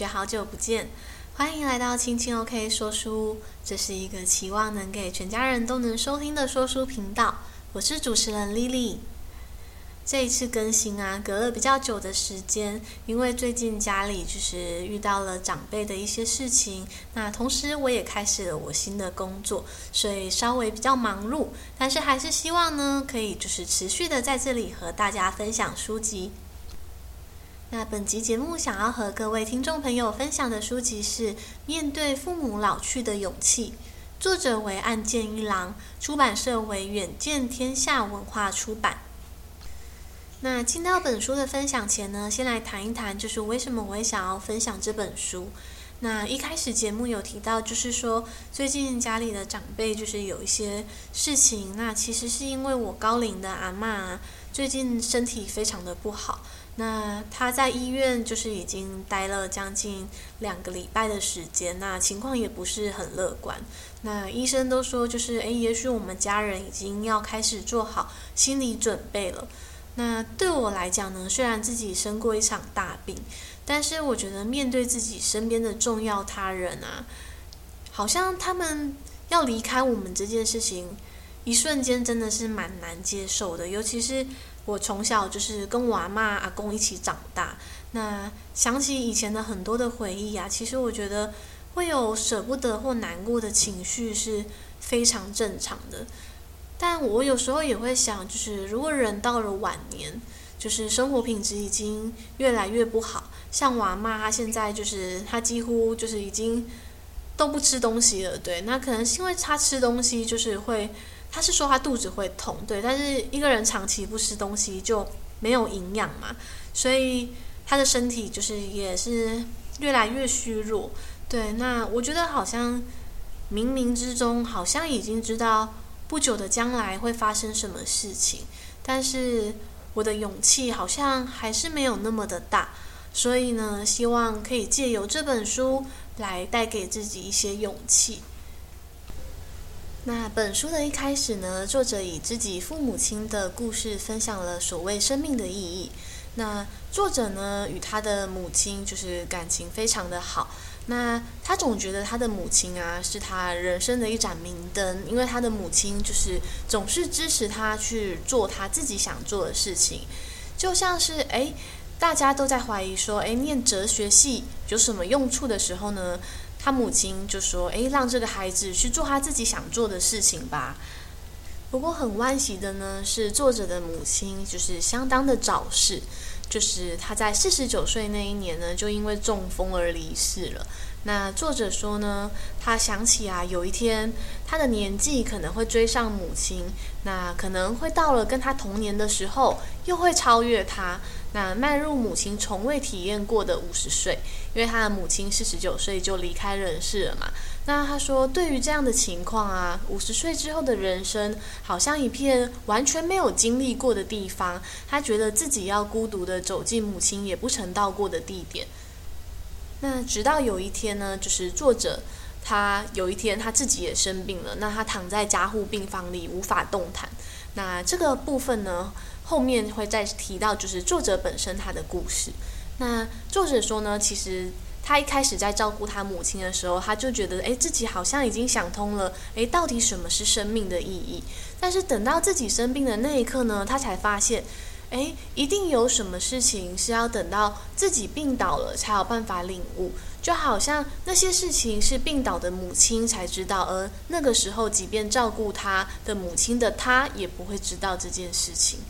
學好久不見，歡迎來到青青 OK 說書。這是一個期望能給全家人都能收聽的說書頻道。我是主持人 Lily。這一次更新啊，隔了比較久的時間，因為最近家裡就是遇到了長輩的一些事情，那同時我也開始了我新的工作，所以稍微比較忙碌。但是還是希望呢，可以就是持續的在這裡和大家分享書籍。那本集節目想要和各位聽眾朋友分享的書籍是《面對父母老去的勇氣》，作者為岸見一郎，出版社為遠見天下文化出版。那聽到本書的分享前呢，先來談一談，就是為什麼我會想要分享這本書。那一開始節目有提到，就是說最近家裡的長輩就是有一些事情，那其實是因為我高齡的阿嬤最近身體非常的不好。那他在醫院就是已經待了將近兩個禮拜的時間，啊，那情況也不是很樂觀。那醫生都說就是，哎，也許我們家人已經要開始做好心理準備了。那對我來講呢，雖然自己生過一場大病，但是我覺得面對自己身邊的重要他人啊，好像他們要離開我們這件事情，一瞬間真的是蠻難接受的，尤其是。我從小就是跟我阿嬤、阿公一起長大。那想起以前的很多的回憶啊，其實我覺得會有捨不得或難過的情緒是非常正常的。但我有時候也會想，就是如果人到了晚年，就是生活品質已經越來越不好，像我阿嬤，她現在就是她幾乎就是已經都不吃東西了。對，那可能是因為她吃東西就是會。他是說他肚子會痛，對，但是一個人長期不吃東西就沒有營養嘛，所以他的身體就是也是越來越虛弱，對。那我覺得好像冥冥之中好像已經知道不久的將來會發生什麼事情，但是我的勇氣好像還是沒有那麼的大，所以呢，希望可以借由這本書來帶給自己一些勇氣。那本書的一開始呢，作者以自己父母親的故事分享了所謂生命的意義。那作者呢，與他的母親就是感情非常的好。那他總覺得他的母親啊，是他人生的一盞明燈，因為他的母親就是總是支持他去做他自己想做的事情。就像是哎，大家都在懷疑說，哎，念哲學系有什麼用處的時候呢？他母親就說：“誒，讓這個孩子去做他自己想做的事情吧。”不過很惋惜的呢，是作者的母親就是相當的早逝，就是他在四十九歲那一年呢，就因為中風而離世了。那作者說呢，他想起啊，有一天他的年紀可能會追上母親，那可能會到了跟他同年的時候，又會超越他。那邁入母親從未體驗過的五十歲，因為他的母親是四十九歲就離開人世了嘛。那他說，對於這樣的情況啊，五十歲之後的人生，好像一片完全沒有經歷過的地方。他覺得自己要孤獨的走進母親也不曾到過的地點。那直到有一天呢，就是作者他有一天他自己也生病了，那他躺在加護病房裡無法動彈。那這個部分呢？後面會再提到，就是作者本身他的故事。那作者說呢，其實他一開始在照顧他母親的時候，他就覺得，哎，自己好像已經想通了，哎，到底什麼是生命的意義？但是等到自己生病的那一刻呢，他才發現，哎，一定有什麼事情是要等到自己病倒了才有辦法領悟。就好像那些事情是病倒的母親才知道，而那個時候，即便照顧他的母親的他也不會知道這件事情。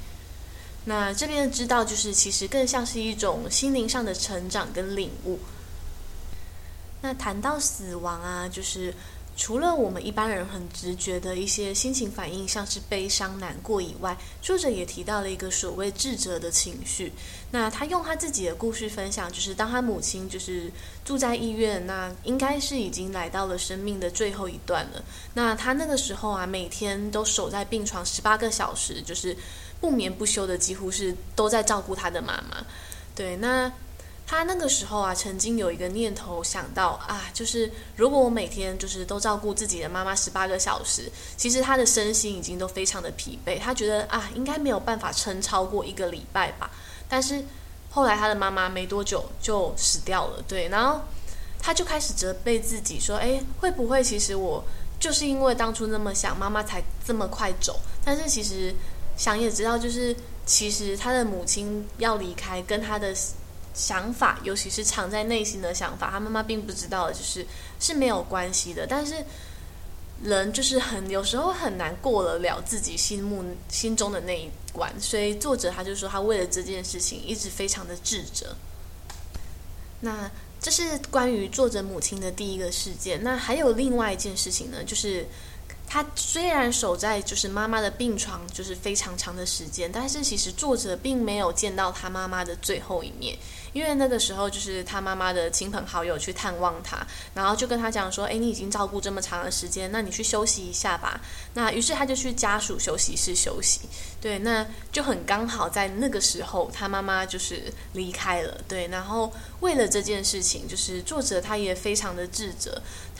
那這邊的知道，就是其實更像是一種心靈上的成長跟領悟。那談到死亡啊，就是除了我們一般人很直覺的一些心情反應，像是悲傷、難過以外，作者也提到了一個所謂智者的情緒。那他用他自己的故事分享，就是當他母親就是住在醫院，那應該是已經來到了生命的最後一段了。那他那個時候啊，每天都守在病床十八個小時，就是。不眠不休的，幾乎是都在照顧他的媽媽。對，那他那個時候啊，曾經有一個念頭想到啊，就是如果我每天就是都照顧自己的媽媽十八個小時，其實他的身心已經都非常的疲憊。他覺得啊，應該沒有辦法撐超過一個禮拜吧。但是後來他的媽媽沒多久就死掉了。對，然後他就開始責備自己說：“哎、欸，會不會其實我就是因為當初那麼想媽媽才這麼快走？”但是其實。想也知道，就是其實他的母親要離開，跟他的想法，尤其是藏在內心的想法，他媽媽並不知道，就是是沒有關係的。但是人就是很有時候很難過得了自己心目心中的那一關。所以作者他就說，他為了這件事情一直非常的執着。那這是關於作者母親的第一個事件。那還有另外一件事情呢，就是。他雖然守在就是媽媽的病床，就是非常長的時間，但是其實作者並沒有見到他媽媽的最後一面，因為那個時候就是他媽媽的親朋好友去探望他，然後就跟他講說：“誒，你已經照顧這麼長的時間，那你去休息一下吧。”那於是他就去家屬休息室休息。對，那就很剛好在那個時候，他媽媽就是離開了。對，然後為了這件事情，就是作者他也非常的自責。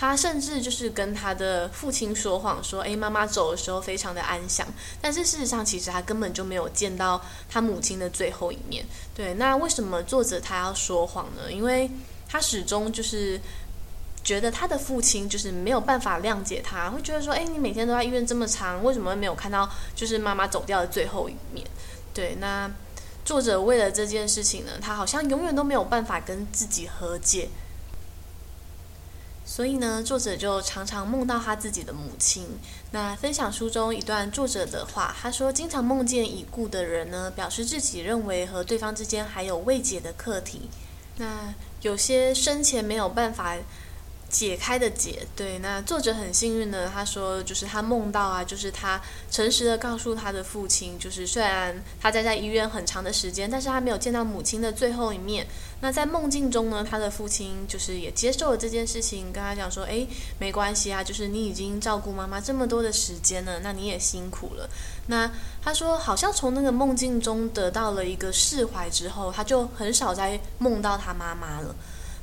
他甚至就是跟他的父親說謊，說：“欸，媽媽走的時候非常的安詳。”但是事實上，其實他根本就沒有見到他母親的最後一面。對，那為什麼作者他要說謊呢？因為他始終就是覺得他的父親就是沒有辦法諒解他，會覺得說：“欸，你每天都在醫院這麼長，為什麼沒有看到就是媽媽走掉的最後一面？”對，那作者為了這件事情呢，他好像永遠都沒有辦法跟自己和解。所以呢，作者就常常夢到他自己的母親。那分享書中一段作者的話，他說：“經常夢見已故的人呢，表示自己認為和對方之間還有未解的課題。”那有些生前沒有辦法。解開的解，對，那作者很幸運呢。他說，就是他夢到啊，就是他誠實的告訴他的父親，就是雖然他待在醫院很長的時間，但是他沒有見到母親的最後一面。那在夢境中呢，他的父親就是也接受了這件事情，跟他講說，誒，沒關係啊，就是你已經照顧媽媽這麼多的時間了，那你也辛苦了。那他說，好像從那個夢境中得到了一個釋懷之後，他就很少再夢到他媽媽了。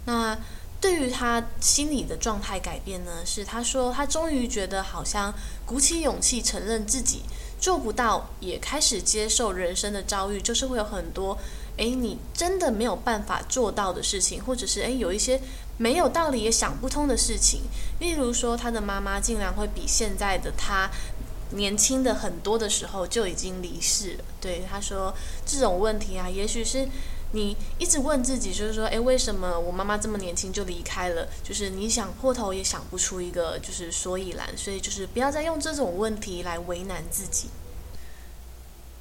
那。對於他心理的狀態改變呢，是他說他終於覺得好像鼓起勇氣承認自己做不到，也開始接受人生的遭遇，就是會有很多，哎，你真的沒有辦法做到的事情，或者是哎，有一些沒有道理也想不通的事情，例如說他的媽媽竟然會比現在的他年輕的很多的時候就已經離世了。對，他說這種問題啊，也許是。你一直問自己，就是說，誒，為什麼我媽媽這麼年輕就離開了？就是你想破頭也想不出一個就是所以然，所以就是不要再用這種問題來為難自己。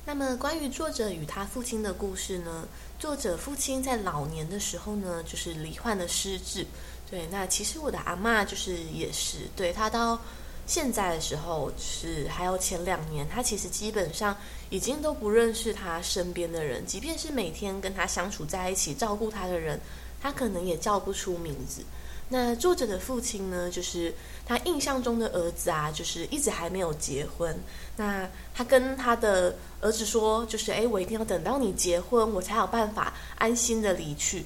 那麼，關於作者與他父親的故事呢？作者父親在老年的時候呢，就是罹患了失智。對，那其實我的阿嬤就是也是，對他到，現在的時候是還有前兩年，他其實基本上已經都不認識他身邊的人，即便是每天跟他相處在一起照顧他的人，他可能也叫不出名字。那作者的父親呢，就是他印象中的兒子啊，就是一直還沒有結婚。那他跟他的兒子說，就是誒，我一定要等到你結婚，我才有辦法安心的離去。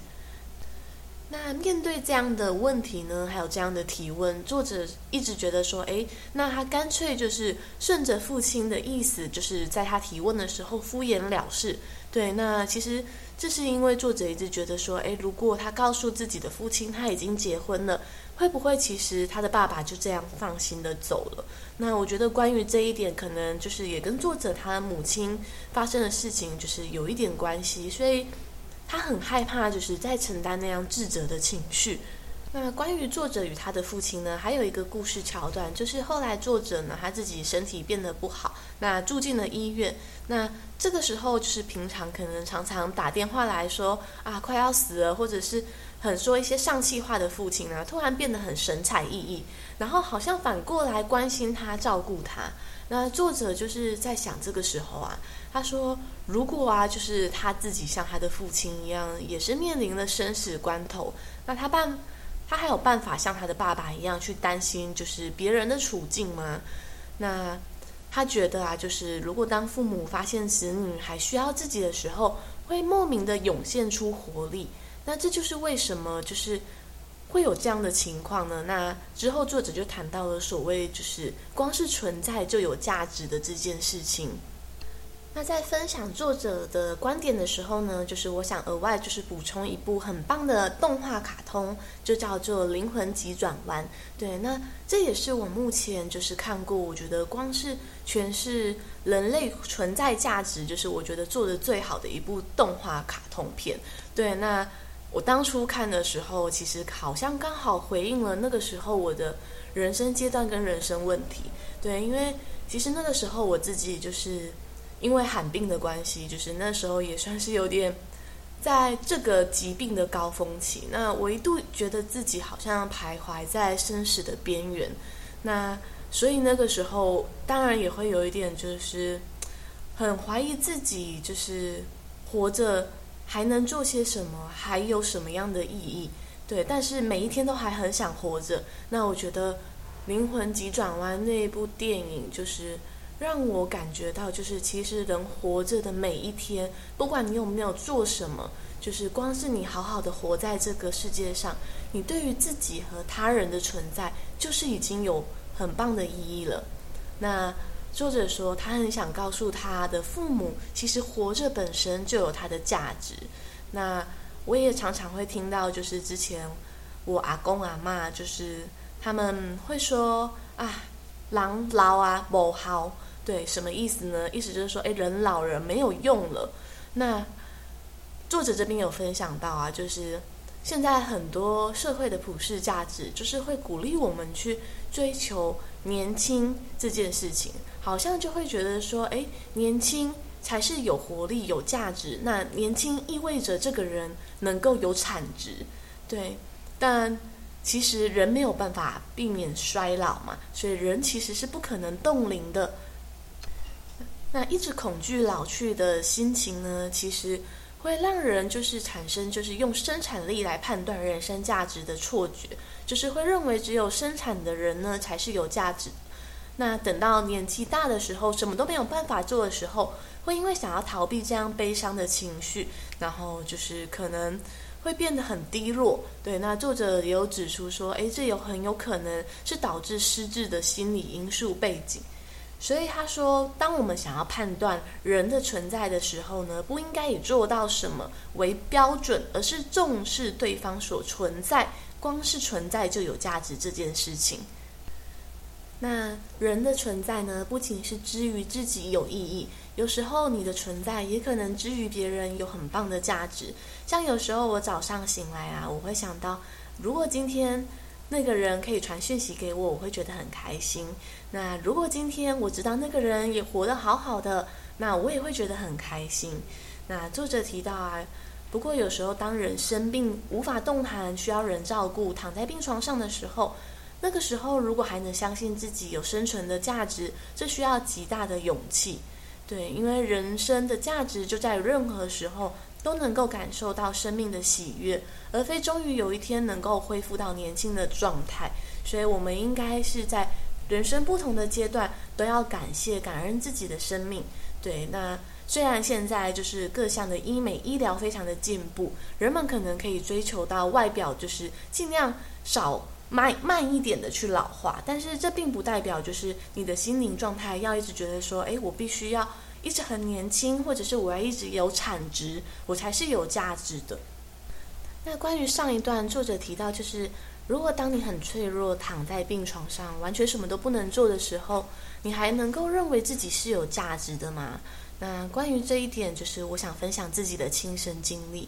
那面對這樣的問題呢，還有這樣的提問，作者一直覺得說，哎，那他乾脆就是順着父親的意思，就是在他提問的時候敷衍了事。對，那其實這是因為作者一直覺得說，哎，如果他告訴自己的父親他已經結婚了，會不會其實他的爸爸就這樣放心的走了？那我覺得關於這一點，可能就是也跟作者他母親發生的事情就是有一點關係，所以。他很害怕，就是在承擔那樣自責的情緒。那關於作者與他的父親呢，還有一個故事橋段，就是後來作者呢，他自己身體變得不好，那住進了醫院。那這個時候，就是平常可能常常打電話來說啊，快要死了，或者是很說一些喪氣話的父親呢、啊，突然變得很神采奕奕，然後好像反過來關心他，照顧他。那作者就是在想這個時候啊，他說如果啊，就是他自己像他的父親一樣，也是面臨了生死關頭，那他辦他還有辦法像他的爸爸一樣去擔心就是別人的處境嗎？那他覺得啊，就是如果當父母發現子女還需要自己的時候，會莫名的湧現出活力，那這就是為什麼就是。會有這樣的情況呢？那之後作者就談到了所謂就是光是存在就有價值的這件事情。那在分享作者的觀點的時候呢，就是我想額外就是補充一部很棒的動畫卡通，就叫做《靈魂急轉彎》。對，那這也是我目前就是看過，我覺得光是詮釋人類存在價值，就是我覺得做得最好的一部動畫卡通片。對，那。我當初看的時候，其實好像剛好回應了那個時候我的人生階段跟人生問題。對，因為其實那個時候我自己就是因為罕病的關係，就是那時候也算是有點在這個疾病的高峰期。那我一度覺得自己好像徘徊在生死的邊緣。那所以那個時候當然也會有一點，就是很懷疑自己，就是活着。還能做些什麼？還有什麼樣的意義？對，但是每一天都還很想活着。那我覺得《靈魂急轉彎》那一部電影，就是讓我感覺到，就是其實人活着的每一天，不管你有沒有做什麼，就是光是你好好的活在這個世界上，你對於自己和他人的存在，就是已經有很棒的意義了。那。作者說，他很想告訴他的父母，其實活着本身就有它的價值。那我也常常會聽到，就是之前我阿公阿嬤，就是他們會說：“啊，狼老啊某好。”對，什麼意思呢？意思就是說，哎，人老人沒有用了。那作者這邊有分享到啊，就是現在很多社會的普世價值，就是會鼓勵我們去追求年輕這件事情。好像就會覺得說，哎、欸，年輕才是有活力，有價值。那年輕意味着這個人能夠有產值，對。但其實人沒有辦法避免衰老嘛，所以人其實是不可能凍齡的。那一直恐懼老去的心情呢，其實會讓人就是產生就是用生產力來判斷人生價值的錯覺，就是會認為只有生產的人呢才是有價值。那等到年紀大的時候，什麼都沒有辦法做的時候，會因為想要逃避這樣悲傷的情緒，然後就是可能會變得很低落。對，那作者也有指出說，哎，這有很有可能是導致失智的心理因素背景。所以他說，當我們想要判斷人的存在的時候呢，不應該以做到什麼為標準，而是重視對方所存在，光是存在就有價值這件事情。那人的存在呢，不僅是之於自己有意義，有時候你的存在也可能之於別人有很棒的價值。像有時候我早上醒來啊，我會想到，如果今天那個人可以傳訊息給我，我會覺得很開心。那如果今天我知道那個人也活得好好的，那我也會覺得很開心。那作者提到啊，不過有時候當人生病無法動彈，需要人照顧，躺在病床上的時候。那個時候，如果還能相信自己有生存的價值，這需要極大的勇氣。對，因為人生的價值就在任何時候都能夠感受到生命的喜悅，而非終於有一天能夠恢復到年輕的狀態。所以，我們應該是在人生不同的階段都要感謝、感恩自己的生命。對，那雖然現在就是各項的醫美醫療非常的進步，人們可能可以追求到外表就是盡量少。慢慢一點的去老化，但是這並不代表就是你的心靈狀態要一直覺得說，誒，我必須要一直很年輕，或者是我要一直有產值，我才是有價值的。那關於上一段作者提到，就是如果當你很脆弱，躺在病床上，完全什麼都不能做的時候，你還能夠認為自己是有價值的嗎？那關於這一點，就是我想分享自己的親身經歷。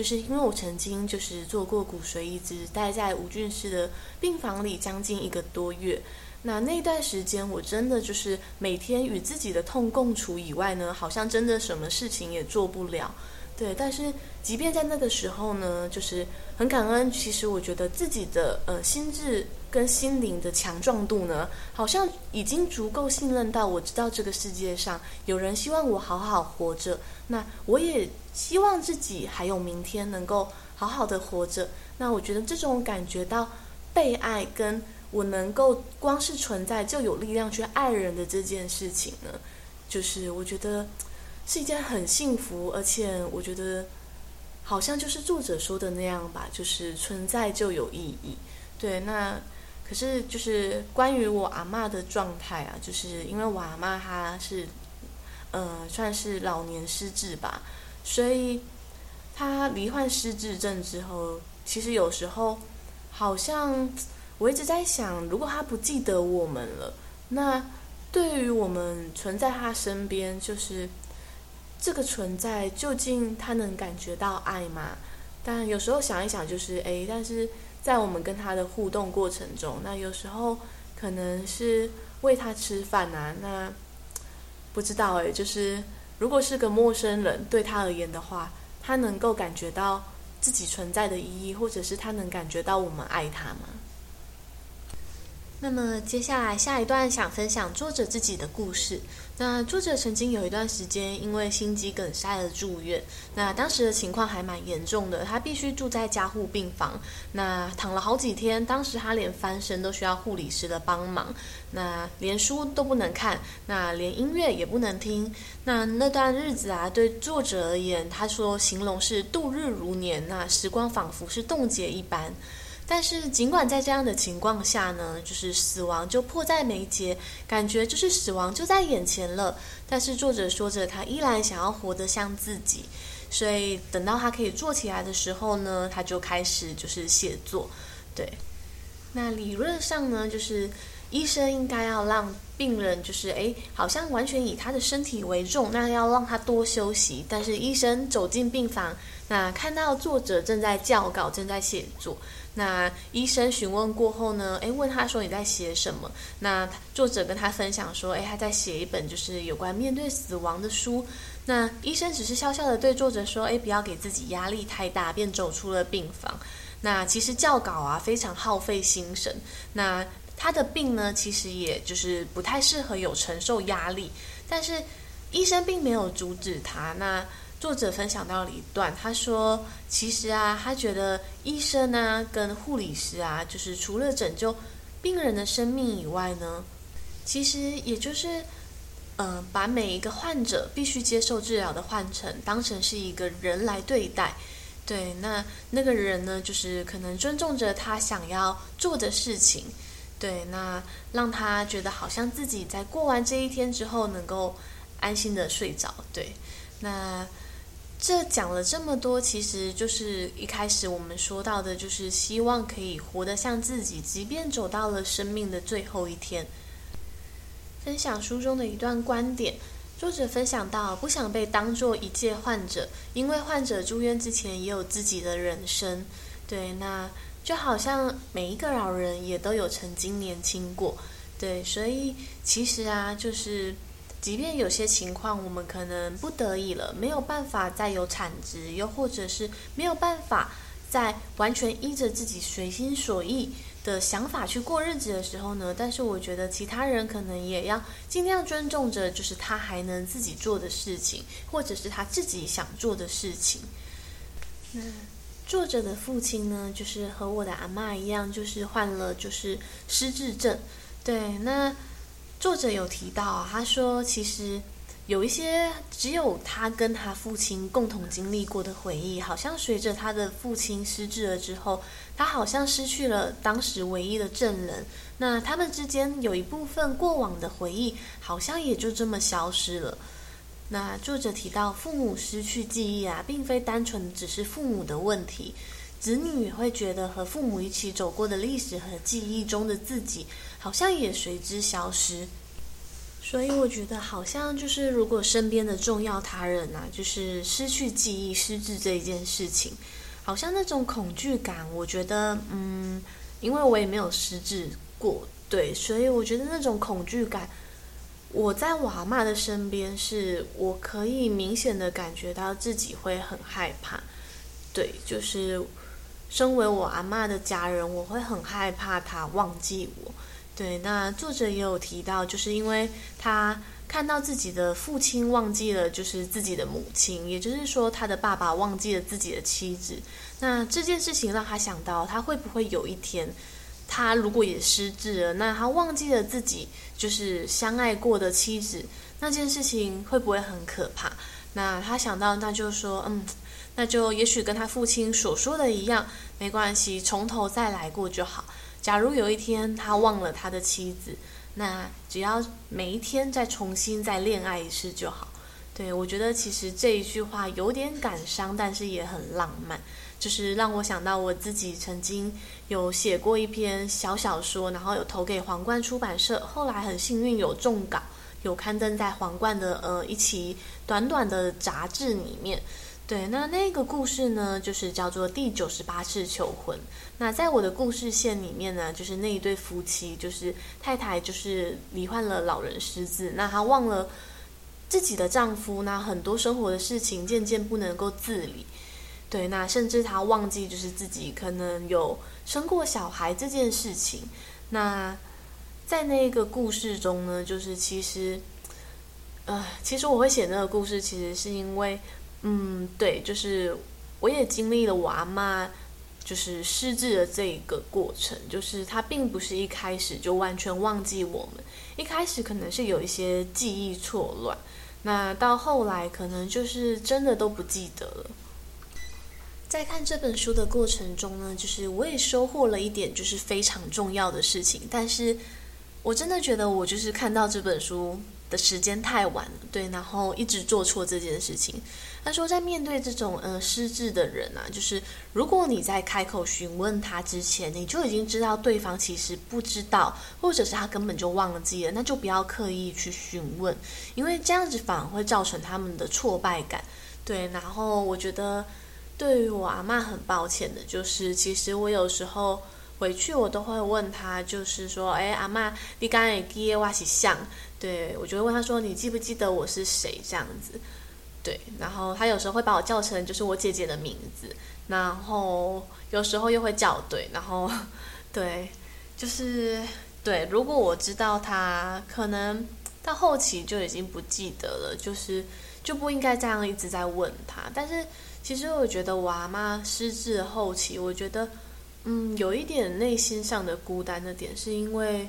就是因為我曾經就是做過骨髓移植，待在無菌室的病房裡，將近一個多月。那那段時間，我真的就是每天與自己的痛共處，以外呢，好像真的什麼事情也做不了。對，但是即便在那個時候呢，就是很感恩。其實我覺得自己的呃心智跟心靈的強壯度呢，好像已經足夠信任到我知道這個世界上有人希望我好好活着，那我也希望自己還有明天能夠好好的活着。那我覺得這種感覺到被愛，跟我能夠光是存在就有力量去愛人的這件事情呢，就是我覺得。是一件很幸福，而且我覺得好像就是作者說的那樣吧，就是存在就有意義。對，那可是就是關於我阿嬤的狀態啊，就是因為我阿嬤她是嗯、呃，算是老年失智吧，所以她罹患失智症之後，其實有時候好像我一直在想，如果她不記得我們了，那對於我們存在她身邊，就是。這個存在究竟他能感覺到愛嗎？但有時候想一想，就是哎，但是在我們跟他的互動過程中，那有時候可能是餵他吃飯啊，那不知道哎，就是如果是個陌生人對他而言的話，他能夠感覺到自己存在的意義，或者是他能感覺到我們愛他嗎？那麼接下來下一段想分享作者自己的故事。那作者曾經有一段時間因為心肌梗塞而住院，那當時的情況還蠻嚴重的，他必須住在加護病房，那躺了好幾天。當時他連翻身都需要護理師的幫忙，那連書都不能看，那連音樂也不能聽。那那段日子啊，對作者而言，他說形容是度日如年，那時光仿佛是凍結一般。但是，儘管在這樣的情況下呢，就是死亡就迫在眉睫，感覺就是死亡就在眼前了。但是，作者說着，他依然想要活得像自己。所以，等到他可以坐起來的時候呢，他就開始就是寫作。對，那理論上呢，就是醫生應該要讓病人就是哎，好像完全以他的身體為重，那要讓他多休息。但是，醫生走進病房，那看到作者正在校稿，正在寫作。那醫生詢問過後呢，誒，問他說你在寫什麼？那作者跟他分享說，哎，他在寫一本就是有關面對死亡的書。那醫生只是笑笑的對作者說，哎，不要給自己壓力太大，便走出了病房。那其實校稿啊，非常耗費心神。那他的病呢，其實也就是不太適合有承受壓力，但是醫生並沒有阻止他。那作者分享到了一段，他說：“其實啊，他覺得醫生呢，跟護理師啊，就是除了拯救病人的生命以外呢，其實也就是，嗯，把每一個患者必須接受治療的患者當成是一個人來對待，對，那那個人呢，就是可能尊重着他想要做的事情，對，那讓他覺得好像自己在過完這一天之後能夠安心的睡着，對，那。”這講了這麼多，其實就是一開始我們說到的，就是希望可以活得像自己，即便走到了生命的最後一天。分享書中的一段觀點，作者分享到，不想被當作一介患者，因為患者住院之前也有自己的人生。對，那就好像每一個老人也都有曾經年輕過。對，所以其實啊，就是。即便有些情況我們可能不得已了，沒有辦法再有產值又，又或者是沒有辦法再完全依着自己隨心所欲的想法去過日子的時候呢，但是我覺得其他人可能也要儘量尊重着，就是他還能自己做的事情，或者是他自己想做的事情。那作者的父親呢，就是和我的阿嬤一樣，就是患了就是失智症。對，那。作者有提到，他說其實有一些只有他跟他父親共同經歷過的回憶，好像隨着他的父親失智了之後，他好像失去了當時唯一的證人。那他們之間有一部分過往的回憶，好像也就這麼消失了。那作者提到，父母失去記憶啊，並非單純只是父母的問題，子女也會覺得和父母一起走過的歷史和記憶中的自己。好像也隨之消失，所以我覺得好像就是如果身邊的重要他人啊，就是失去記憶、失智這一件事情，好像那種恐懼感，我覺得，嗯，因為我也沒有失智過，對，所以我覺得那種恐懼感，我在我阿嬤的身邊是，是我可以明顯的感覺到自己會很害怕，對，就是身為我阿嬤的家人，我會很害怕她忘記我。對，那作者也有提到，就是因為他看到自己的父親忘記了，就是自己的母親，也就是說，他的爸爸忘記了自己的妻子。那這件事情讓他想到，他會不會有一天，他如果也失智了，那他忘記了自己就是相愛過的妻子，那件事情會不會很可怕？那他想到，那就說，嗯，那就也許跟他父親所說的一樣，沒關係，從頭再來過就好。假如有一天他忘了他的妻子，那只要每一天再重新再戀愛一次就好。對，我覺得其實這一句話有點感傷，但是也很浪漫，就是讓我想到我自己曾經有寫過一篇小小說，然後有投給皇冠出版社，後來很幸運有中稿，有刊登在皇冠的呃一期短短的雜誌裡面。對，那那個故事呢，就是叫做第九十八次求婚。那在我的故事線裡面呢，就是那一對夫妻，就是太太就是罹患了老人失智，那她忘了自己的丈夫，那很多生活的事情漸漸不能夠自理。對，那甚至她忘記就是自己可能有生過小孩這件事情。那在那個故事中呢，就是其實，呃，其實我會寫那個故事，其實是因為。嗯，對，就是我也經歷了我阿媽就是失智的這一個過程，就是她並不是一開始就完全忘記我們，一開始可能是有一些記憶錯亂，那到後來可能就是真的都不記得了。在看這本書的過程中呢，就是我也收穫了一點，就是非常重要的事情，但是我真的覺得我就是看到這本書的時間太晚了，對，然後一直做錯這件事情。他說，在面對這種呃失智的人啊，就是如果你在開口詢問他之前，你就已經知道對方其實不知道，或者是他根本就忘記了，那就不要刻意去詢問，因為這樣子反而會造成他們的挫敗感。對，然後我覺得對於我阿嬤很抱歉的，就是其實我有時候。回去我都會問他，就是說，哎、欸，阿媽，你剛剛給娃起像，對我就會問他說，你記不記得我是誰這樣子，對，然後他有時候會把我叫成就是我姐姐的名字，然後有時候又會叫對，然後對，就是對，如果我知道他可能到後期就已經不記得了，就是就不應該這樣一直在問他，但是其實我覺得我阿媽失智後期，我覺得。嗯，有一點內心上的孤單的點，是因為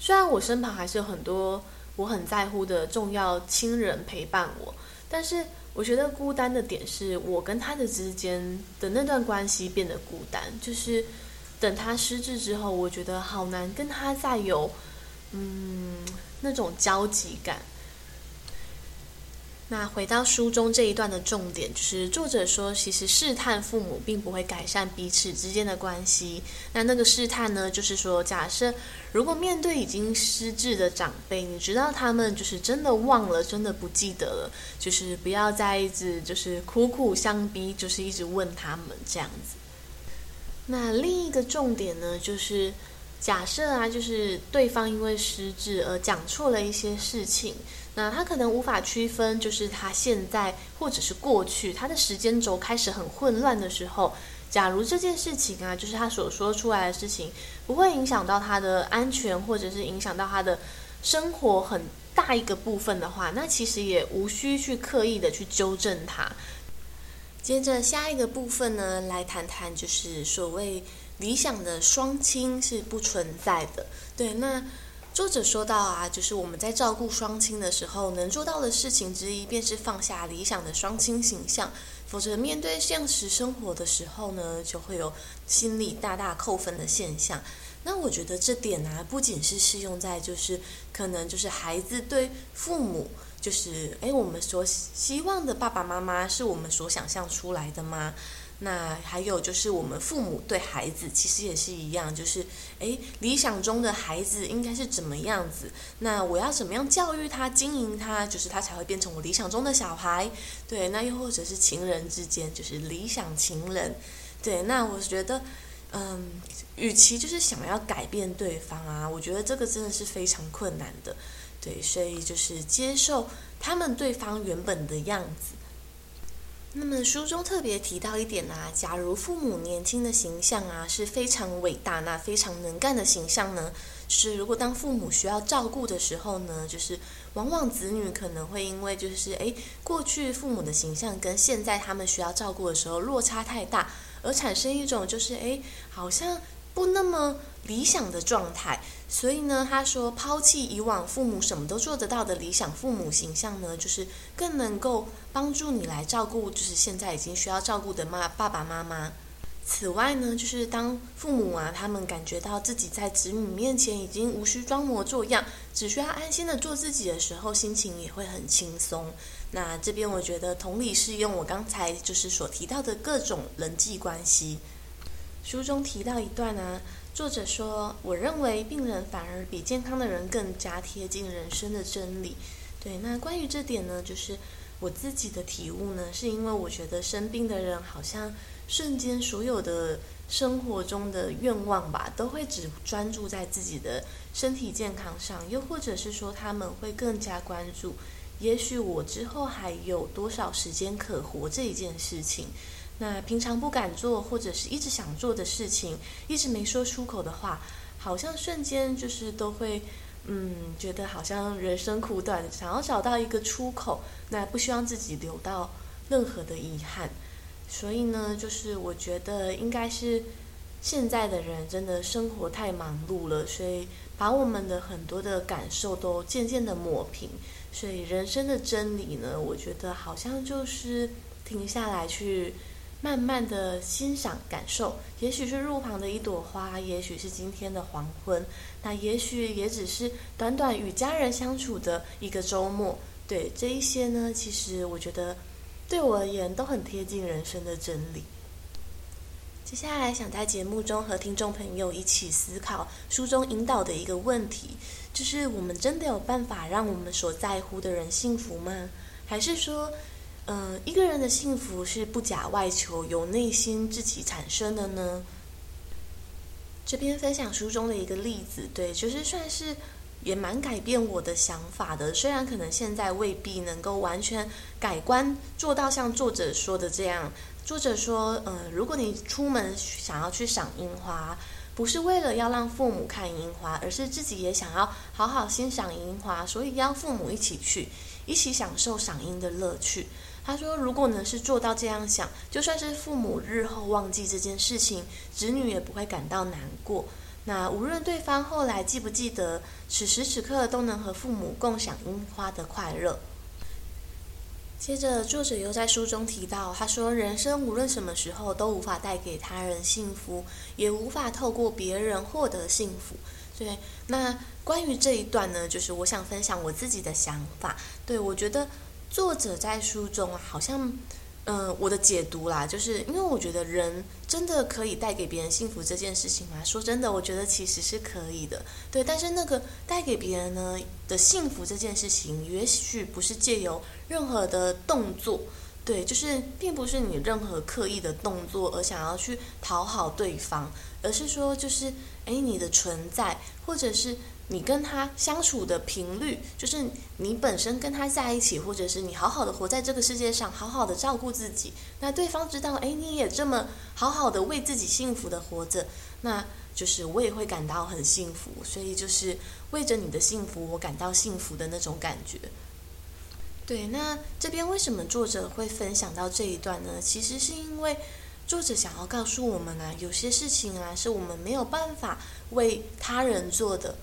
雖然我身旁還是有很多我很在乎的重要親人陪伴我，但是我覺得孤單的點是我跟他的之間的那段關係變得孤單。就是等他失智之後，我覺得好難跟他再有嗯那種交集感。那回到書中這一段的重點，就是作者說，其實試探父母並不會改善彼此之間的關係。那那個試探呢，就是說，假設如果面對已經失智的長輩，你知道他們就是真的忘了，真的不記得了，就是不要再一直就是苦苦相逼，就是一直問他們這樣子。那另一個重點呢，就是假設啊，就是對方因為失智而講錯了一些事情。那他可能無法區分，就是他現在或者是過去，他的時間軸開始很混亂的時候，假如這件事情啊，就是他所說出來的事情不會影響到他的安全，或者是影響到他的生活很大一個部分的話，那其實也無需去刻意的去糾正他。接着下一個部分呢，來談談就是所謂理想的雙親是不存在的。對，那。作者說到啊，就是我們在照顧雙親的時候，能做到的事情之一便是放下理想的雙親形象，否則面對現實生活的時候呢，就會有心理大大扣分的現象。那我覺得這點呢、啊，不僅是適用在就是可能就是孩子對父母，就是哎，我們所希望的爸爸媽媽，是我們所想象出來的嗎？那還有就是我們父母對孩子其實也是一樣，就是誒，理想中的孩子應該是怎麼樣子？那我要怎麼樣教育他、經營他，就是他才會變成我理想中的小孩。對，那又或者是情人之間，就是理想情人。對，那我覺得，嗯，與其就是想要改變對方啊，我覺得這個真的是非常困難的。對，所以就是接受他們對方原本的樣子。那麼書中特別提到一點吶、啊，假如父母年輕的形象啊是非常偉大，那非常能幹的形象呢，是如果當父母需要照顧的時候呢，就是往往子女可能會因為就是欸，過去父母的形象跟現在他們需要照顧的時候落差太大，而產生一種就是欸，好像不那麼理想的狀態。所以呢，他說拋棄以往父母什麼都做得到的理想父母形象呢，就是更能夠幫助你來照顧，就是現在已經需要照顧的媽爸爸媽媽。此外呢，就是當父母啊，他們感覺到自己在子女面前已經無需裝模作樣，只需要安心地做自己的時候，心情也會很輕鬆。那這邊我覺得同理適用。我剛才就是所提到的各種人際關係，書中提到一段啊。作者說：“我認為病人反而比健康的人更加貼近人生的真理。”對，那關於這點呢，就是我自己的體悟呢，是因為我覺得生病的人好像瞬間所有的生活中的願望吧，都會只專注在自己的身體健康上，又或者是說他們會更加關注，也許我之後還有多少時間可活這一件事情。那平常不敢做或者是一直想做的事情，一直沒說出口的話，好像瞬間就是都會，嗯，覺得好像人生苦短，想要找到一個出口，那不希望自己留到任何的遺憾。所以呢，就是我覺得應該是現在的人真的生活太忙碌了，所以把我們的很多的感受都漸漸的抹平。所以人生的真理呢，我覺得好像就是停下來去。慢慢的欣賞感受，也許是路旁的一朵花，也許是今天的黃昏，那也許也只是短短與家人相處的一個周末。對這一些呢，其實我覺得對我而言都很貼近人生的真理。接下來想在節目中和聽眾朋友一起思考書中引導的一個問題，就是我們真的有辦法讓我們所在乎的人幸福嗎？還是說？嗯，一個人的幸福是不假外求，由內心自己產生的呢。這篇分享書中的一個例子，對，其實算是也蠻改變我的想法的。雖然可能現在未必能夠完全改觀，做到像作者說的這樣。作者說，嗯，如果你出門想要去賞櫻花，不是為了要讓父母看櫻花，而是自己也想要好好欣賞櫻花，所以邀父母一起去，一起享受賞櫻的樂趣。他說：“如果能是做到這樣想，就算是父母日後忘記這件事情，子女也不會感到難過。那無論對方後來記不記得，此時此刻都能和父母共享櫻花的快樂。”接着，作者又在書中提到：“他說，人生無論什麼時候都無法帶給他人幸福，也無法透過別人獲得幸福。”對，那關於這一段呢，就是我想分享我自己的想法。對，我覺得。作者在書中啊，好像，嗯、呃，我的解讀啦，就是因為我覺得人真的可以帶給別人幸福這件事情嘛、啊。說真的，我覺得其實是可以的，對。但是那個帶給別人呢的幸福這件事情，也許不是借由任何的動作，對，就是並不是你任何刻意的動作而想要去討好對方，而是說，就是哎，你的存在，或者是，你跟他相處的頻率，就是你本身跟他在一起，或者是你好好的活在這個世界上，好好的照顧自己。那對方知道，哎，你也這麼好好的為自己幸福的活着，那就是我也會感到很幸福。所以就是為着你的幸福，我感到幸福的那種感覺。對，那這邊為什麼作者會分享到這一段呢？其實是因為作者想要告訴我們啊，有些事情啊，是我們沒有辦法為他人做的。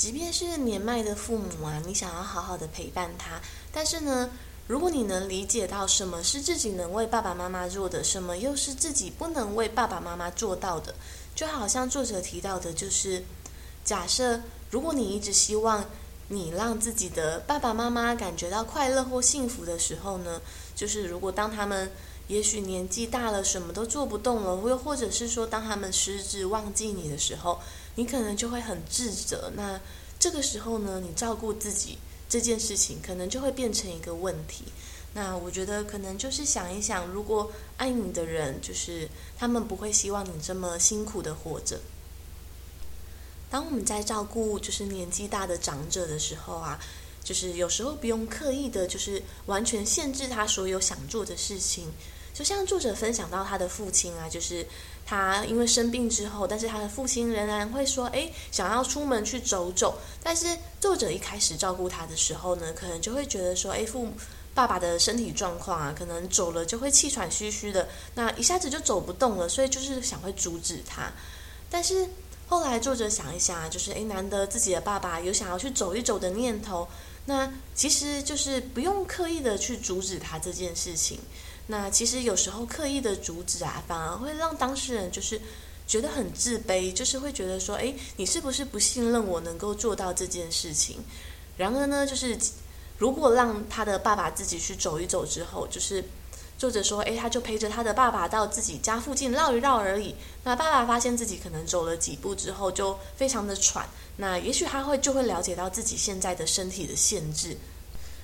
即便是年邁的父母啊，你想要好好的陪伴他，但是呢，如果你能理解到什麼是自己能為爸爸媽媽做的，什麼又是自己不能為爸爸媽媽做到的，就好像作者提到的，就是假設如果你一直希望你讓自己的爸爸媽媽感覺到快樂或幸福的時候呢，就是如果當他們也許年紀大了什麼都做不動了，又或者是說當他們失智忘記你的時候。你可能就會很自責，那這個時候呢，你照顧自己這件事情可能就會變成一個問題。那我覺得可能就是想一想，如果愛你的人，就是他們不會希望你這麼辛苦的活着。當我們在照顧就是年紀大的長者的時候啊，就是有時候不用刻意的，就是完全限制他所有想做的事情。就像作者分享到他的父親啊，就是他因為生病之後，但是他的父親仍然會說：“哎，想要出門去走走。”但是作者一開始照顧他的時候呢，可能就會覺得說：“哎，父母爸爸的身體狀況啊，可能走了就會氣喘吁吁的，那一下子就走不動了，所以就是想會阻止他。”但是後來作者想一想啊，就是哎，難得自己的爸爸有想要去走一走的念頭，那其實就是不用刻意的去阻止他這件事情。那其實有時候刻意的阻止啊，反而會讓當事人就是覺得很自卑，就是會覺得說，哎，你是不是不信任我能夠做到這件事情？然而呢，就是如果讓他的爸爸自己去走一走之後，就是作者說，哎，他就陪着他的爸爸到自己家附近繞一繞而已。那爸爸發現自己可能走了幾步之後就非常的喘，那也許他會就會了解到自己現在的身體的限制。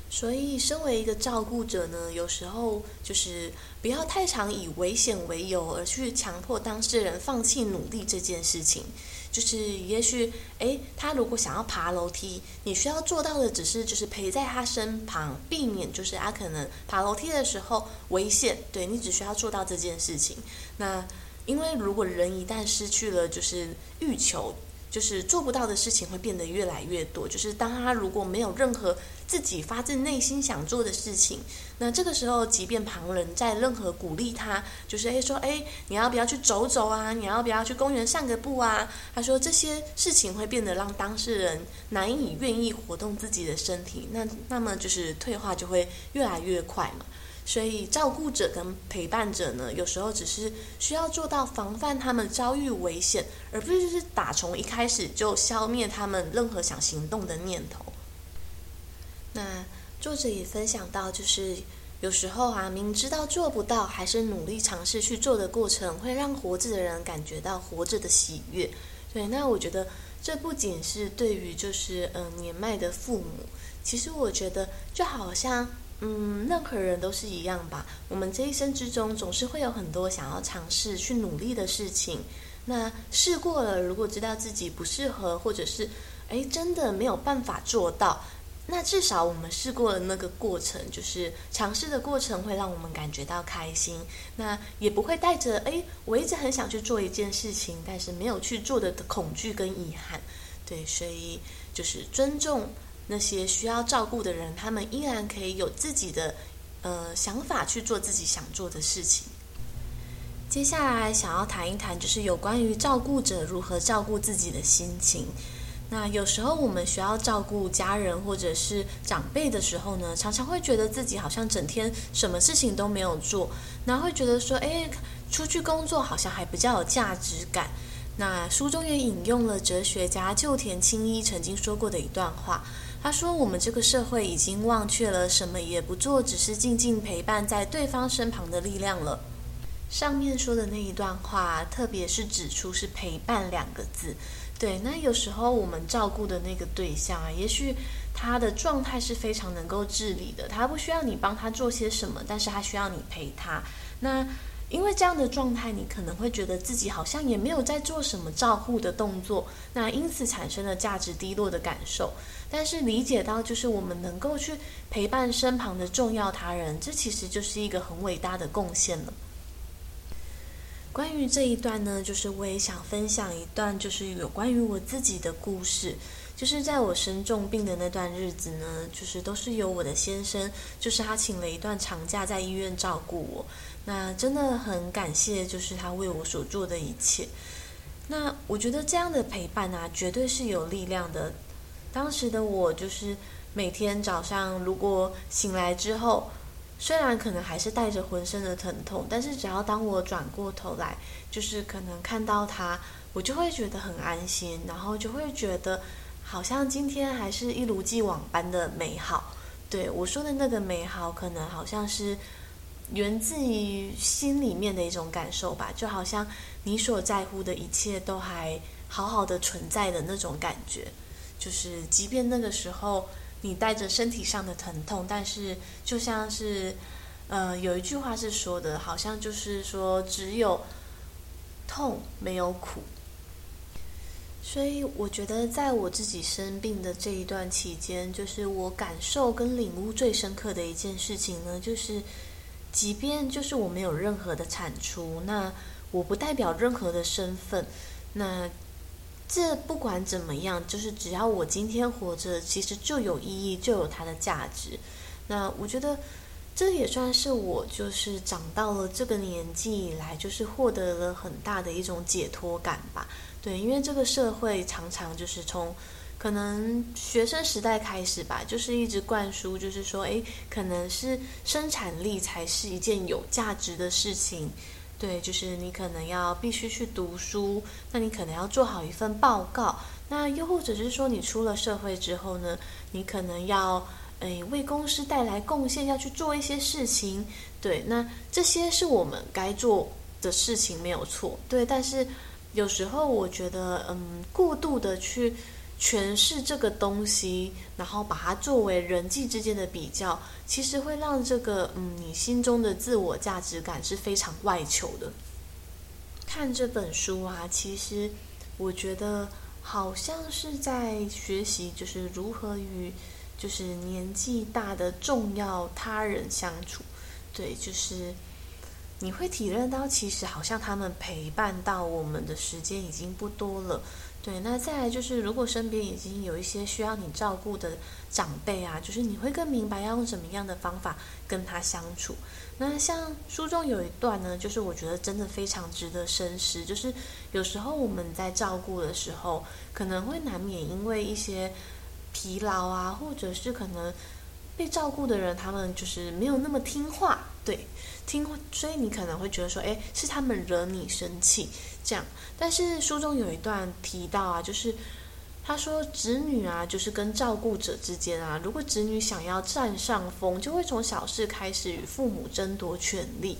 所以，身為一個照顧者呢，有時候就是不要太常以危險為由，而去強迫當事人放棄努力這件事情。就是，也許，誒，他如果想要爬樓梯，你需要做到的只是，就是陪在他身旁，避免就是他可能爬樓梯的時候危險。對，你只需要做到這件事情。那，因為如果人一旦失去了就是欲求。就是做不到的事情會變得越來越多。就是當他如果沒有任何自己發自內心想做的事情，那這個時候，即便旁人在任何鼓勵他，就是說哎，你要不要去走走啊？你要不要去公園散個步啊？他說這些事情會變得讓當事人難以願意活動自己的身體，那那麼就是退化就會越來越快嘛。所以，照顧者跟陪伴者呢，有時候只是需要做到防範他們遭遇危險，而不是，就是打從一開始就消滅他們任何想行動的念頭。那作者也分享到，就是有時候啊，明知道做不到，還是努力嘗試去做的過程，會讓活着的人感覺到活着的喜悅。所以，那我覺得這不僅是對於就是嗯、呃、年邁的父母，其實我覺得就好像。嗯，任何人都是一樣吧。我們這一生之中，總是會有很多想要嘗試去努力的事情。那試過了，如果知道自己不適合，或者是哎，真的沒有辦法做到，那至少我們試過了那個過程，就是嘗試的過程，會讓我們感覺到開心。那也不會帶着哎，我一直很想去做一件事情，但是沒有去做的恐懼跟遺憾。對，所以就是尊重。那些需要照顧的人，他們依然可以有自己的，呃，想法，去做自己想做的事情。接下來想要談一談，就是有關於照顧者如何照顧自己的心情。那有時候我們需要照顧家人或者是長輩的時候呢，常常會覺得自己好像整天什麼事情都沒有做，然後會覺得說，哎，出去工作好像還比較有價值感。那書中也引用了哲學家鷲田清一曾經說過的一段話。他說：“我們這個社會已經忘卻了什麼也不做，只是靜靜陪伴在對方身旁的力量了。”上面說的那一段話，特別是指出是“陪伴”兩個字。對，那有時候我們照顧的那個對象啊，也許他的狀態是非常能夠自理的，他不需要你幫他做些什麼，但是他需要你陪他。那因為這樣的狀態，你可能會覺得自己好像也沒有在做什麼照顧的動作，那因此產生了價值低落的感受。但是理解到，就是我們能夠去陪伴身旁的重要他人，這其實就是一個很偉大的貢獻了。關於這一段呢，就是我也想分享一段，就是有關於我自己的故事。就是在我生重病的那段日子呢，就是都是由我的先生，就是他請了一段長假在醫院照顧我。那真的很感謝，就是他為我所做的一切。那我覺得這樣的陪伴啊，絕對是有力量的。當時的我就是每天早上，如果醒來之後，雖然可能還是帶着渾身的疼痛，但是只要當我轉過頭來，就是可能看到他，我就會覺得很安心，然後就會覺得好像今天還是一如既往般的美好。對，我說的那個美好，可能好像是源自於心裡面的一種感受吧，就好像你所在乎的一切都還好好的存在的那種感覺。就是，即便那個時候你帶着身體上的疼痛，但是就像是，呃，有一句話是說的，好像就是說只有痛沒有苦。所以我覺得，在我自己生病的這一段期間，就是我感受跟領悟最深刻的一件事情呢，就是即便就是我沒有任何的產出，那我不代表任何的身份，那。這不管怎麼樣，就是只要我今天活着，其實就有意義，就有它的價值。那我覺得這也算是我就是長到了這個年紀以來，就是獲得了很大的一種解脫感吧。對，因為這個社會常常就是從可能學生時代開始吧，就是一直灌輸，就是說，誒，可能是生產力才是一件有價值的事情。對，就是你可能要必須去讀書，那你可能要做好一份報告，那又或者是說你出了社會之後呢，你可能要誒、哎、為公司帶來貢獻，要去做一些事情，對，那這些是我們該做的事情，沒有錯，對，但是有時候我覺得，嗯，過度的去。詮釋這個東西，然後把它作為人際之間的比較，其實會讓這個嗯，你心中的自我價值感是非常外求的。看這本書啊，其實我覺得好像是在學習，就是如何與就是年紀大的重要他人相處，對，就是。你會體認到，其實好像他們陪伴到我們的時間已經不多了。對，那再來就是，如果身邊已經有一些需要你照顧的長輩啊，就是你會更明白要用什麼樣的方法跟他相處。那像書中有一段呢，就是我覺得真的非常值得深思，就是有時候我們在照顧的時候，可能會難免因為一些疲勞啊，或者是可能被照顧的人他們就是沒有那麼聽話，對。聽，所以你可能會覺得說，誒，是他們惹你生氣這樣。但是書中有一段提到啊，就是他說子女啊，就是跟照顧者之間啊，如果子女想要佔上風，就會從小事開始與父母爭奪權力。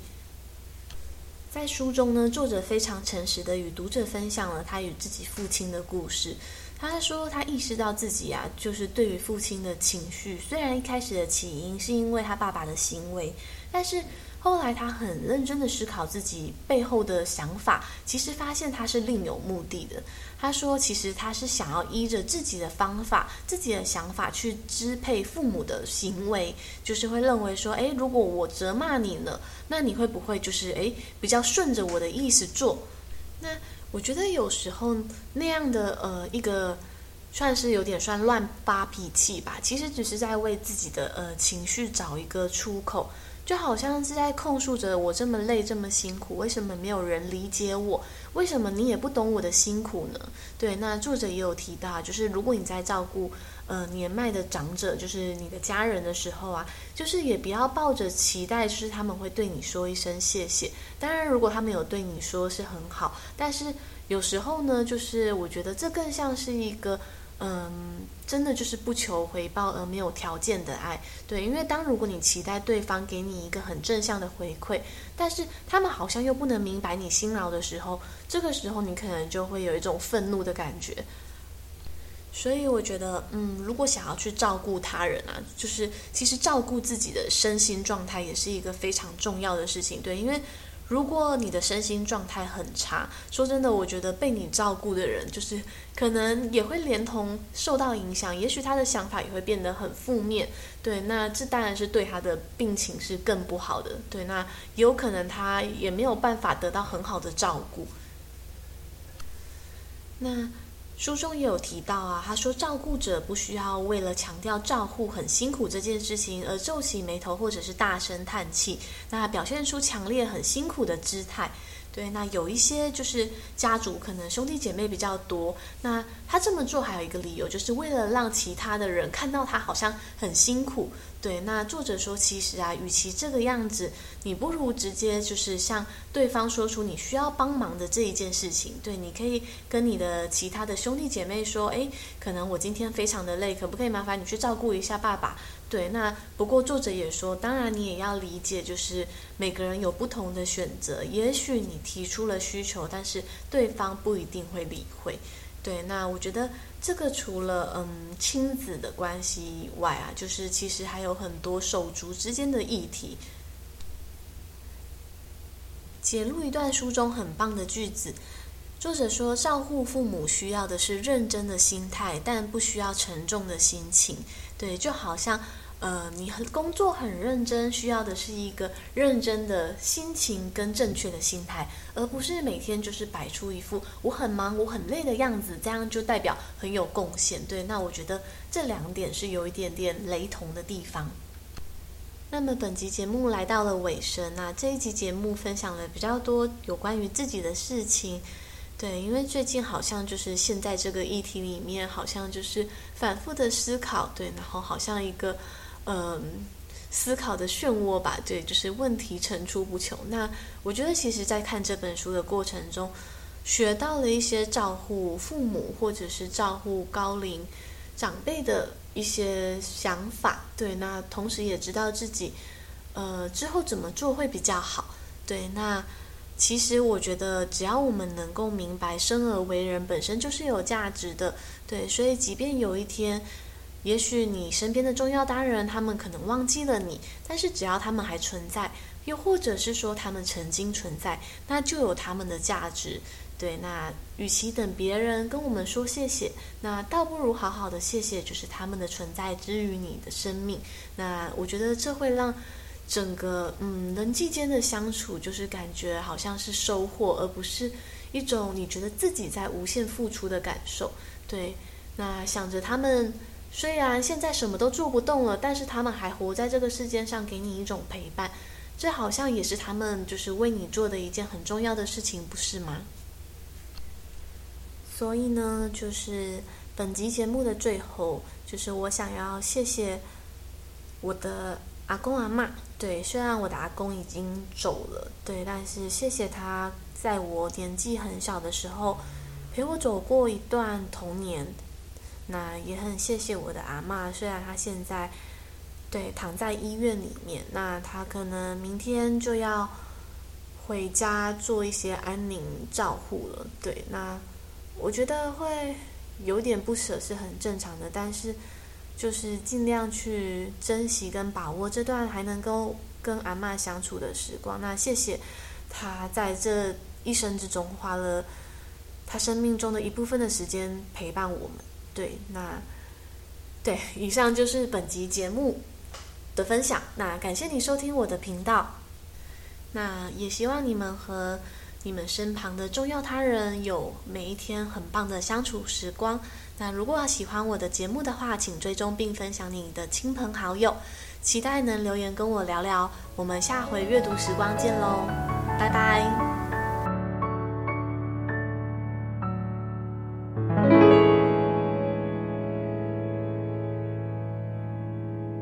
在書中呢，作者非常誠實的與讀者分享了他與自己父親的故事。他說他意識到自己啊，就是對於父親的情緒，雖然一開始的起因是因為他爸爸的行為，但是。後來，他很認真的思考自己背後的想法，其實發現他是另有目的的。他說：“其實他是想要依着自己的方法、自己的想法去支配父母的行為，就是會認為說，哎，如果我責罵你了，那你會不會就是哎比較順着我的意思做？”那我覺得有時候那樣的呃一個算是有點算亂發脾氣吧，其實只是在為自己的呃情緒找一個出口。就好像是在控訴着我這麼累這麼辛苦，為什麼沒有人理解我？為什麼你也不懂我的辛苦呢？對，那作者也有提到，就是如果你在照顧呃年邁的長者，就是你的家人的時候啊，就是也不要抱着期待，就是他們會對你說一聲謝謝。當然，如果他們有對你說是很好，但是有時候呢，就是我覺得這更像是一個，嗯。真的就是不求回報而沒有條件的愛，對，因為當如果你期待對方給你一個很正向的回饋，但是他們好像又不能明白你辛勞的時候，這個時候你可能就會有一種憤怒的感覺。所以我覺得，嗯，如果想要去照顧他人啊，就是其實照顧自己的身心狀態也是一個非常重要的事情，對，因為。如果你的身心狀態很差，說真的，我覺得被你照顧的人，就是可能也會連同受到影響也許他的想法也會變得很負面。對，那這當然是對他的病情是更不好的。對，那有可能他也沒有辦法得到很好的照顧。那。書中也有提到啊，他說照顧者不需要為了強調照顧很辛苦這件事情而皺起眉頭，或者是大聲嘆氣，那表現出強烈很辛苦的姿態。對，那有一些就是家族可能兄弟姐妹比較多，那他這麼做還有一個理由，就是為了讓其他的人看到他好像很辛苦。對，那作者說，其實啊，與其這個樣子，你不如直接就是向對方說出你需要幫忙的這一件事情。對，你可以跟你的其他的兄弟姐妹說，誒，可能我今天非常的累，可不可以麻煩你去照顧一下爸爸？對，那不過作者也說，當然你也要理解，就是每個人有不同的選擇。也許你提出了需求，但是對方不一定會理會。對，那我覺得這個除了嗯親子的關係以外啊，就是其實還有很多手足之間的議題。節錄一段書中很棒的句子，作者說：“照顧父母需要的是認真的心態，但不需要沉重的心情。”對，就好像，呃，你工作很認真，需要的是一個認真的心情跟正確的心態，而不是每天就是擺出一副我很忙、我很累的樣子，這樣就代表很有貢獻。對，那我覺得這兩點是有一點點雷同的地方。那麼本集節目來到了尾聲啊，那這一集節目分享了比較多有關於自己的事情。對，因為最近好像就是現在這個議題裡面，好像就是反覆的思考，對，然後好像一個，嗯、呃，思考的漩渦吧，對，就是問題層出不窮。那我覺得，其實，在看這本書的過程中，學到了一些照顧父母或者是照顧高齡長輩的一些想法，對，那同時也知道自己，呃，之後怎麼做會比較好，對，那。其實我覺得，只要我們能夠明白，生而為人本身就是有價值的，對。所以，即便有一天，也許你身邊的重要他人，他們可能忘記了你，但是只要他們還存在，又或者是說他們曾經存在，那就有他們的價值，對。那與其等別人跟我們說謝謝，那倒不如好好的謝謝，就是他們的存在之於你的生命。那我覺得這會讓。整個嗯，人際間的相處，就是感覺好像是收穫，而不是一種你覺得自己在無限付出的感受。對，那想着他們雖然現在什麼都做不動了，但是他們還活在這個世界上，給你一種陪伴，這好像也是他們就是為你做的一件很重要的事情，不是嗎？所以呢，就是本集節目的最後，就是我想要謝謝我的。阿公阿嬤。對，雖然我的阿公已經走了，對，但是謝謝他在我年紀很小的時候陪我走過一段童年。那也很謝謝我的阿嬤，雖然她現在對，躺在醫院裡面，那她可能明天就要回家做一些安寧照護了。對，那我覺得會有點不捨是很正常的，但是。就是盡量去珍惜跟把握這段還能夠跟阿嬤相處的時光。那謝謝她，在這一生之中花了她生命中的一部分的時間陪伴我們。對，那對，以上就是本集節目的分享。那感謝你收聽我的頻道。那也希望你們和你們身旁的重要他人有每一天很棒的相處時光。那如果喜歡我的節目的話，請追蹤並分享你的親朋好友，期待能留言跟我聊聊。我們下回閱讀時光見嘍，拜拜。